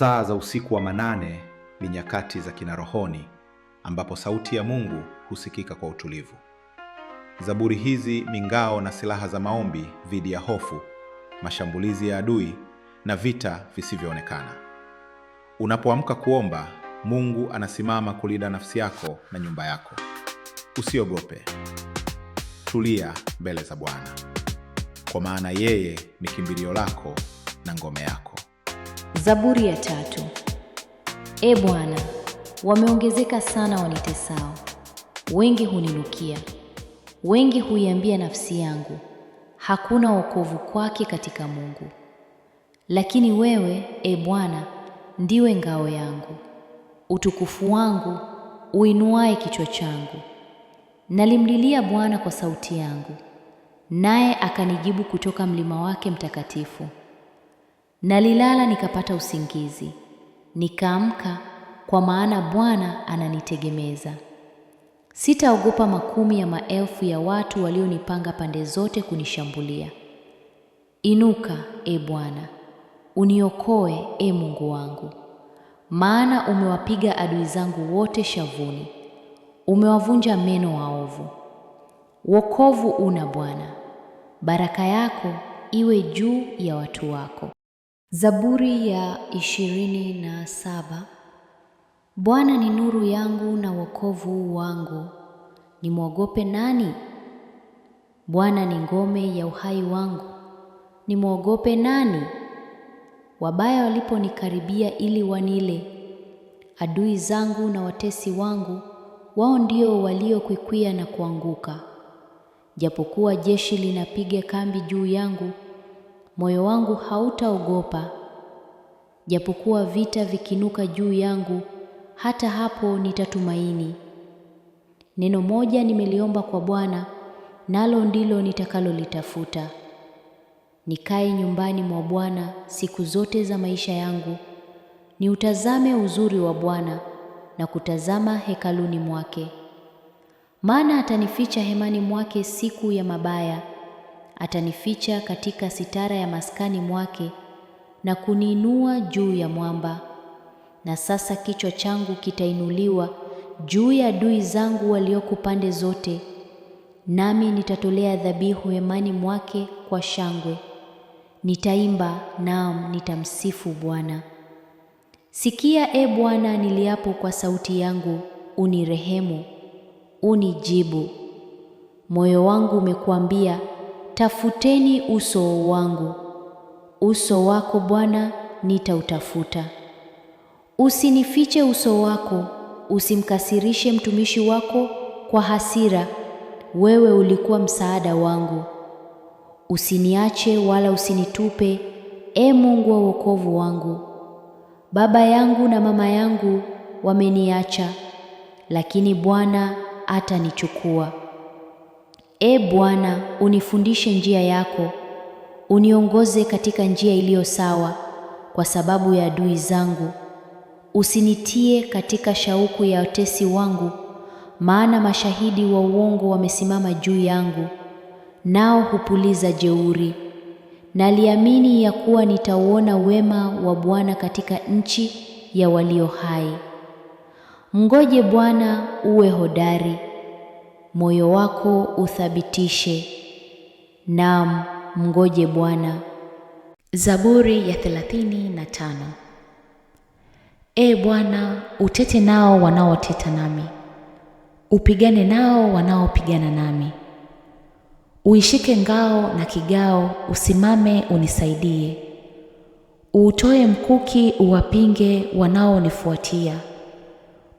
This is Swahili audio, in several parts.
Saa za usiku wa manane ni nyakati za kinarohoni ambapo sauti ya Mungu husikika kwa utulivu. Zaburi hizi ni ngao na silaha za maombi dhidi ya hofu, mashambulizi ya adui na vita visivyoonekana. Unapoamka kuomba, Mungu anasimama kulinda nafsi yako na nyumba yako. Usiogope, tulia mbele za Bwana, kwa maana yeye ni kimbilio lako na ngome yako. Zaburi ya tatu. E Bwana, wameongezeka sana wanitesao, wengi huninukia, wengi huiambia nafsi yangu, hakuna wokovu kwake katika Mungu. Lakini wewe, e Bwana, ndiwe ngao yangu, utukufu wangu, uinuaye kichwa changu. Nalimlilia Bwana kwa sauti yangu, naye akanijibu kutoka mlima wake mtakatifu. Nalilala nikapata usingizi, nikaamka, kwa maana Bwana ananitegemeza. Sitaogopa makumi ya maelfu ya watu walionipanga pande zote kunishambulia. Inuka, e Bwana, uniokoe, e Mungu wangu, maana umewapiga adui zangu wote shavuni, umewavunja meno waovu. Wokovu una Bwana, baraka yako iwe juu ya watu wako. Zaburi ya ishirini na saba. Bwana ni nuru yangu na wokovu wangu, nimwogope nani? Bwana ni ngome ya uhai wangu, nimwogope nani? Wabaya waliponikaribia ili wanile, adui zangu na watesi wangu, wao ndio waliokwikwia na kuanguka. Japokuwa jeshi linapiga kambi juu yangu moyo wangu hautaogopa. Japokuwa vita vikinuka juu yangu, hata hapo nitatumaini. Neno moja nimeliomba kwa Bwana, nalo ndilo nitakalolitafuta: nikae nyumbani mwa Bwana siku zote za maisha yangu, niutazame uzuri wa Bwana na kutazama hekaluni mwake. Maana atanificha hemani mwake siku ya mabaya, atanificha katika sitara ya maskani mwake na kuniinua juu ya mwamba. Na sasa kichwa changu kitainuliwa juu ya adui zangu walioko pande zote, nami nitatolea dhabihu hemani mwake kwa shangwe. Nitaimba, naam, nitamsifu Bwana. Sikia, e Bwana, niliapo kwa sauti yangu, unirehemu, unijibu. Moyo wangu umekuambia tafuteni uso wangu. Uso wako Bwana nitautafuta. Usinifiche uso wako, usimkasirishe mtumishi wako kwa hasira. Wewe ulikuwa msaada wangu. Usiniache wala usinitupe, e Mungu wa wokovu wangu. Baba yangu na mama yangu wameniacha, lakini Bwana atanichukua e Bwana, unifundishe njia yako, uniongoze katika njia iliyo sawa kwa sababu ya adui zangu. Usinitie katika shauku ya watesi wangu, maana mashahidi wa uongo wamesimama juu yangu, nao hupuliza jeuri. Naliamini ya kuwa nitauona wema wa Bwana katika nchi ya walio hai. Mngoje Bwana, uwe hodari moyo wako uthabitishe, naam mngoje Bwana. Zaburi ya thelathini na tano. Ee Bwana, utete nao wanaoteta nami, upigane nao wanaopigana nami. Uishike ngao na kigao, usimame unisaidie. Uutoe mkuki, uwapinge wanaonifuatia.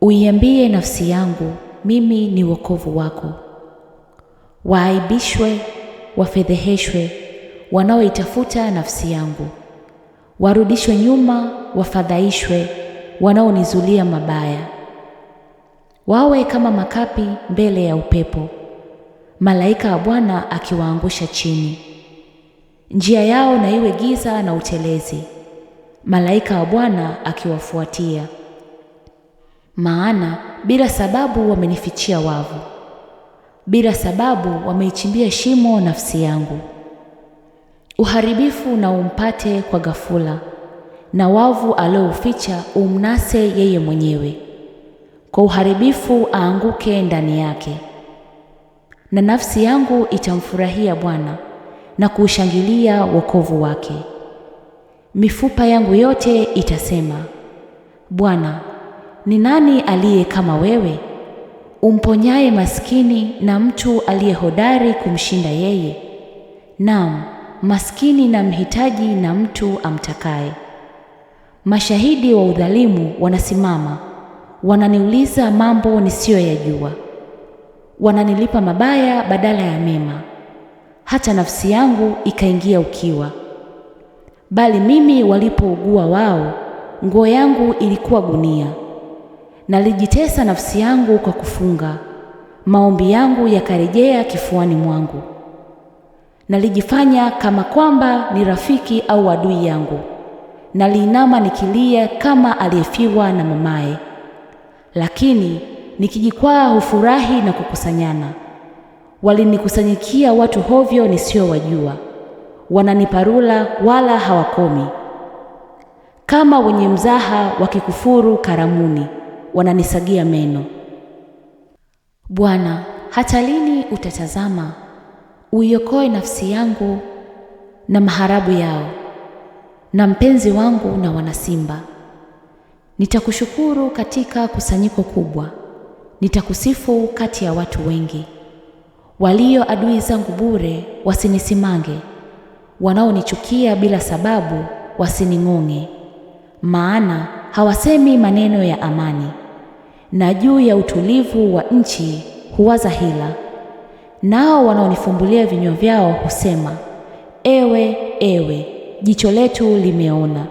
Uiambie nafsi yangu mimi ni wokovu wako. Waaibishwe, wafedheheshwe wanaoitafuta nafsi yangu, warudishwe nyuma, wafadhaishwe wanaonizulia mabaya. Wawe kama makapi mbele ya upepo, malaika wa Bwana akiwaangusha chini. Njia yao na iwe giza na utelezi, malaika wa Bwana akiwafuatia. Maana bila sababu wamenifichia wavu, bila sababu wameichimbia shimo nafsi yangu. Uharibifu na umpate kwa ghafula, na wavu aliouficha umnase yeye mwenyewe, kwa uharibifu aanguke ndani yake. Na nafsi yangu itamfurahia Bwana na kuushangilia wokovu wake. Mifupa yangu yote itasema, Bwana ni nani aliye kama wewe umponyaye maskini na mtu aliye hodari kumshinda yeye? Naam, maskini na mhitaji na mtu amtakaye. Mashahidi wa udhalimu wanasimama, wananiuliza mambo nisiyoyajua. Wananilipa mabaya badala ya mema, hata nafsi yangu ikaingia ukiwa. Bali mimi walipougua wao, nguo yangu ilikuwa gunia. Nalijitesa nafsi yangu kwa kufunga, maombi yangu yakarejea kifuani mwangu. Nalijifanya kama kwamba ni rafiki au adui yangu, naliinama nikilia kama aliyefiwa na mamaye. Lakini nikijikwaa hufurahi na kukusanyana. Walinikusanyikia watu hovyo nisiyowajua, wananiparula wala hawakomi, kama wenye mzaha wakikufuru karamuni wananisagia meno. Bwana, hata lini utatazama? Uiokoe nafsi yangu na maharabu yao, na mpenzi wangu na wanasimba. Nitakushukuru katika kusanyiko kubwa, nitakusifu kati ya watu wengi. Walio adui zangu bure wasinisimange, wanaonichukia bila sababu wasining'ong'e, maana hawasemi maneno ya amani na juu ya utulivu wa nchi huwaza hila, nao wanaonifumbulia vinywa vyao husema, ewe ewe, jicho letu limeona.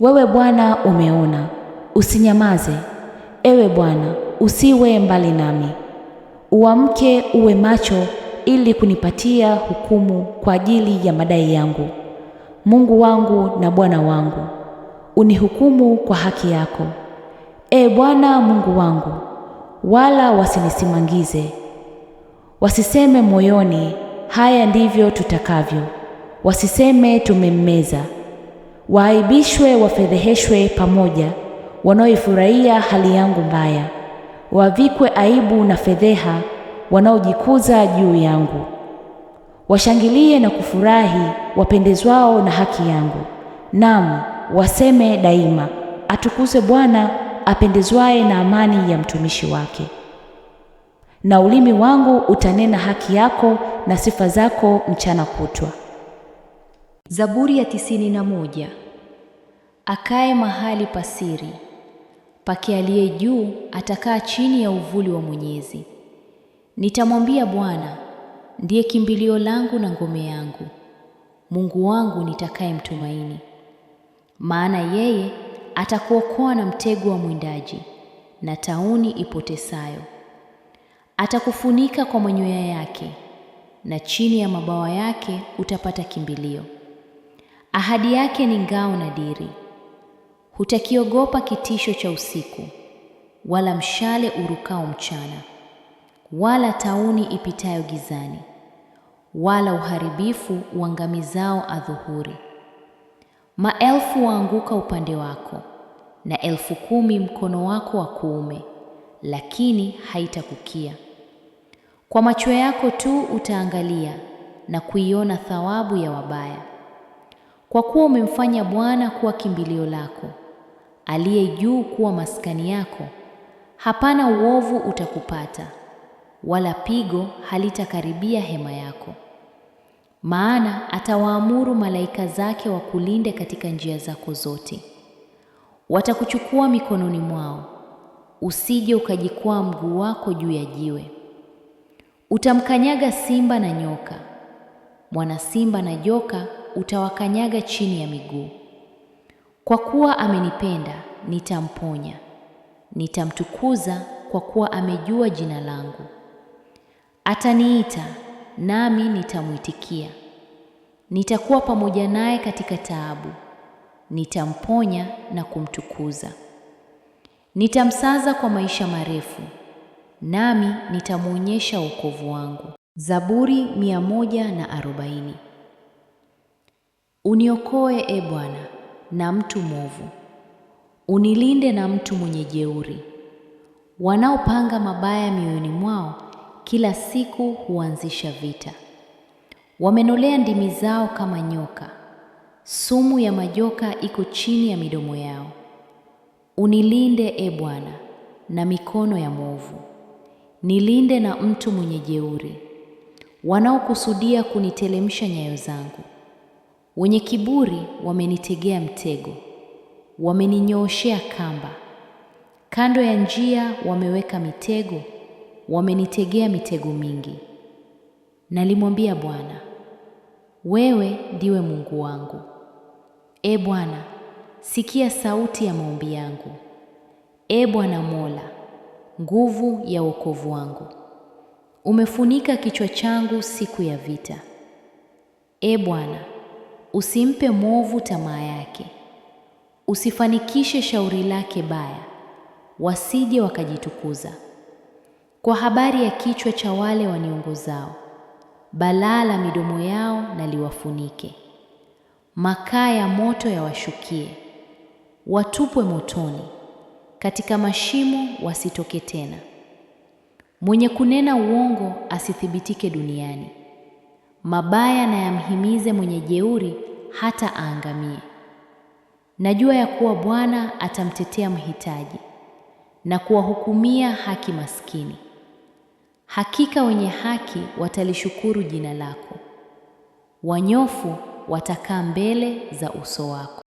Wewe Bwana umeona, usinyamaze. Ewe Bwana, usiwe mbali nami. Uamke uwe macho, ili kunipatia hukumu kwa ajili ya madai yangu. Mungu wangu na Bwana wangu, unihukumu kwa haki yako e Bwana Mungu wangu, wala wasinisimangize. Wasiseme moyoni, haya ndivyo tutakavyo. Wasiseme tumemmeza. Waaibishwe, wafedheheshwe pamoja, wanaoifurahia hali yangu mbaya. Wavikwe aibu na fedheha, wanaojikuza juu yangu. Washangilie na kufurahi, wapendezwao na haki yangu. Naam, waseme daima, atukuze Bwana apendezwaye na amani ya mtumishi wake. Na ulimi wangu utanena haki yako na sifa zako mchana kutwa. Zaburi ya tisini na moja. Akae mahali pasiri pake aliye juu atakaa chini ya uvuli wa Mwenyezi. Nitamwambia Bwana, ndiye kimbilio langu na ngome yangu, Mungu wangu nitakaye mtumaini, maana yeye Atakuokoa na mtego wa mwindaji na tauni ipotesayo. Atakufunika kwa manyoya yake na chini ya mabawa yake utapata kimbilio. Ahadi yake ni ngao na diri. Hutakiogopa kitisho cha usiku, wala mshale urukao mchana, wala tauni ipitayo gizani, wala uharibifu uangamizao adhuhuri. Maelfu waanguka upande wako na elfu kumi mkono wako wa kuume, lakini haitakukia. Kwa macho yako tu utaangalia na kuiona thawabu ya wabaya, kwa kuwa umemfanya Bwana kuwa kimbilio lako, aliye juu kuwa maskani yako. Hapana uovu utakupata, wala pigo halitakaribia hema yako maana atawaamuru malaika zake wakulinde katika njia zako zote. Watakuchukua mikononi mwao, usije ukajikwaa mguu wako juu ya jiwe. Utamkanyaga simba na nyoka, mwana simba na joka utawakanyaga chini ya miguu. Kwa kuwa amenipenda nitamponya, nitamtukuza kwa kuwa amejua jina langu. Ataniita nami nitamwitikia. Nitakuwa pamoja naye katika taabu, nitamponya na kumtukuza. Nitamsaza kwa maisha marefu, nami nitamwonyesha wokovu wangu. Zaburi mia moja na arobaini. Uniokoe e Bwana na mtu mwovu, unilinde na mtu mwenye jeuri. Wanaopanga mabaya mioyoni mwao kila siku huanzisha vita. Wamenolea ndimi zao kama nyoka, sumu ya majoka iko chini ya midomo yao. Unilinde e Bwana na mikono ya mwovu, nilinde na mtu mwenye jeuri, wanaokusudia kunitelemsha nyayo zangu. Wenye kiburi wamenitegea mtego, wameninyooshea kamba, kando ya njia wameweka mitego wamenitegea mitego mingi. Nalimwambia Bwana, wewe ndiwe Mungu wangu. E Bwana, sikia sauti ya maombi yangu. E Bwana Mola, nguvu ya wokovu wangu. Umefunika kichwa changu siku ya vita. E Bwana, usimpe mwovu tamaa yake, usifanikishe shauri lake baya, wasije wakajitukuza kwa habari ya kichwa cha wale waniongozao, balaa la midomo yao na liwafunike. Makaa ya moto yawashukie, watupwe motoni, katika mashimo wasitoke tena. Mwenye kunena uongo asithibitike duniani, mabaya na yamhimize mwenye jeuri hata aangamie. Najua ya kuwa Bwana atamtetea mhitaji na kuwahukumia haki maskini. Hakika wenye haki watalishukuru jina lako, wanyofu watakaa mbele za uso wako.